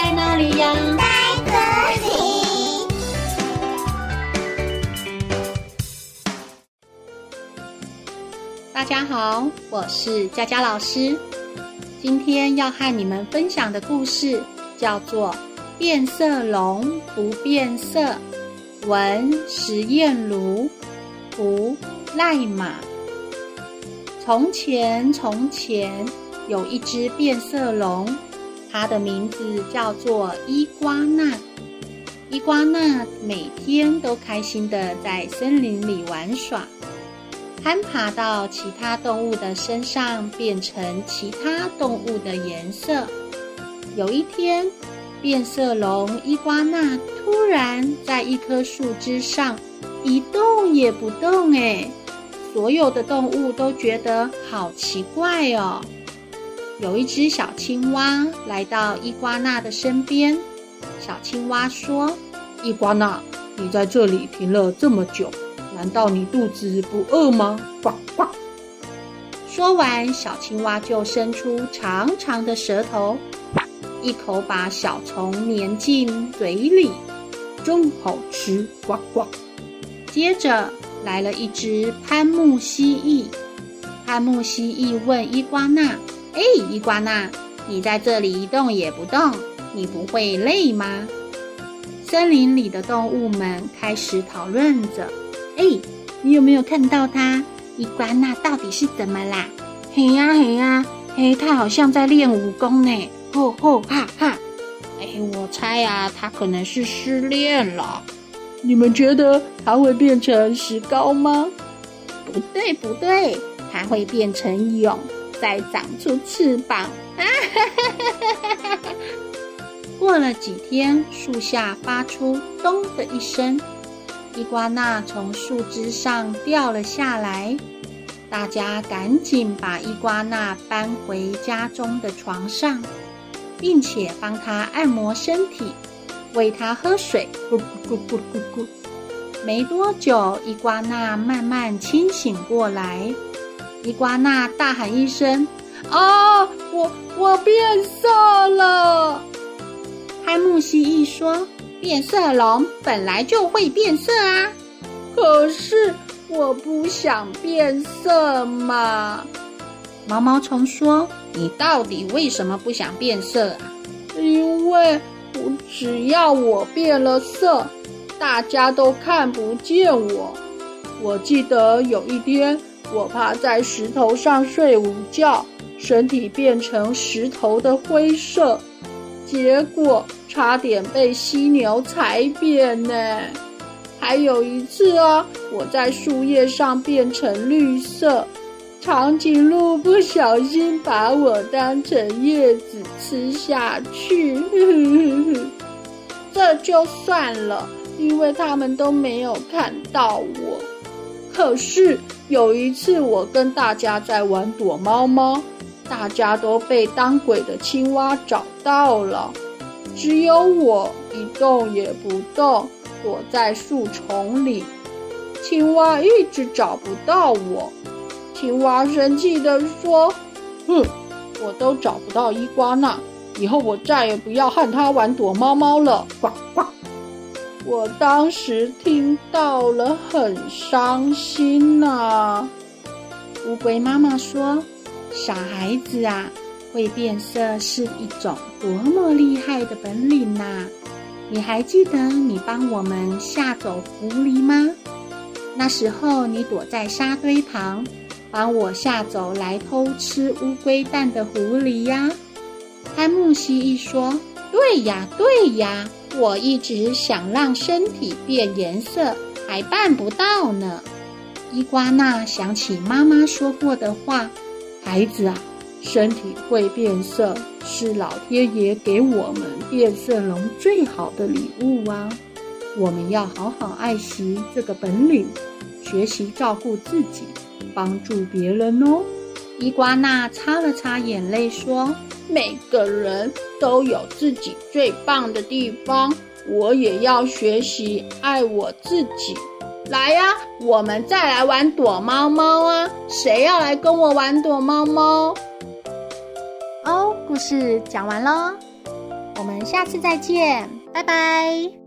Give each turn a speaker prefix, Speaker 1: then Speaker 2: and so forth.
Speaker 1: 在哪裡呀？在這裡。大家好，我是佳佳老師。今天要和你們分享的故事叫做《變色龍不變色》。文實驗爐不賴馬。從前，從前有一隻變色龍。它的名字叫做伊瓜娜。伊瓜娜每天都開心地在森林裡玩耍，攀爬到其他動物的身上，變成其他動物的顏色。有一天，變色龍伊瓜娜突然在一棵樹枝上一動也不動，誒，所有的動物都覺得好奇怪哦。有一隻小青蛙來到伊瓜娜的身邊。小青蛙說：“伊瓜娜，你在這裡停了這麼久，難道你肚子不餓嗎？”呱呱。說完，小青蛙就伸出長長的舌頭，一口把小蟲粘進嘴裡，真好吃！呱呱。接着來了一隻攀木蜥蜴。攀木蜥蜴問伊瓜娜哎、欸，伊瓜娜，你在這裡一動也不動，你不會累嗎？森林裡的動物們開始討論着。哎、欸，你有沒有看到它？伊瓜娜到底是怎麼啦？嘿呀、啊、嘿呀、啊、嘿，它好像在練武功呢！吼吼哈哈！哎、欸，我猜呀、啊，它可能是失戀了。你們覺得它會變成石膏嗎？不對不對，它會變成蛹。再長出翅膀。 過了幾天，樹下發出“咚”的一聲，伊瓜娜從樹枝上掉了下來。大家趕緊把伊瓜娜搬回家中的床上，並且幫他按摩身體，餵他喝水。咕咕咕咕咕咕。沒多久，伊瓜娜慢慢清醒過來。伊瓜娜大喊一聲：“啊、哦，我我變色了！”漢慕西一說：“變色龍本來就會變色啊，可是我不想變色嘛。”毛毛蟲說：“你到底為什麼不想變色啊？”因為我只要我變了色，大家都看不見我。我記得有一天。我趴在石頭上睡午覺，身體變成石頭的灰色，結果差點被犀牛踩扁呢。還有一次哦，我在樹葉上變成綠色，長頸鹿不小心把我當成葉子吃下去。 這就算了，因為他們都沒有看到我。可是有一次，我跟大家在玩躲貓貓，大家都被當鬼的青蛙找到了，只有我一動也不動，躲在樹叢裡。青蛙一直找不到我。青蛙生氣地說：“哼、嗯，我都找不到伊瓜娜，以後我再也不要和他玩躲貓貓了。呱呱”我當時聽到了，很傷心啊。烏龜媽媽說：“傻孩子啊，會變色是一種多麼厲害的本領啊！你還記得你幫我們嚇走狐狸嗎？那時候你躲在沙堆旁，幫我嚇走來偷吃烏龜蛋的狐狸呀。”安慕希一說：“對呀，對呀。”我一直想讓身體變顏色，還辦不到呢。伊瓜娜想起媽媽說過的話：“孩子啊，身體會變色是老天爺給我們變色龍最好的禮物啊！我們要好好愛惜這個本領，學習照顧自己，幫助別人哦。”伊瓜娜擦了擦眼淚說：“每個人。”都有自己最棒的地方，我也要學習愛我自己。來呀、啊，我們再來玩躲貓貓啊！誰要來跟我玩躲貓貓？哦，故事講完咯，我們下次再見，拜拜。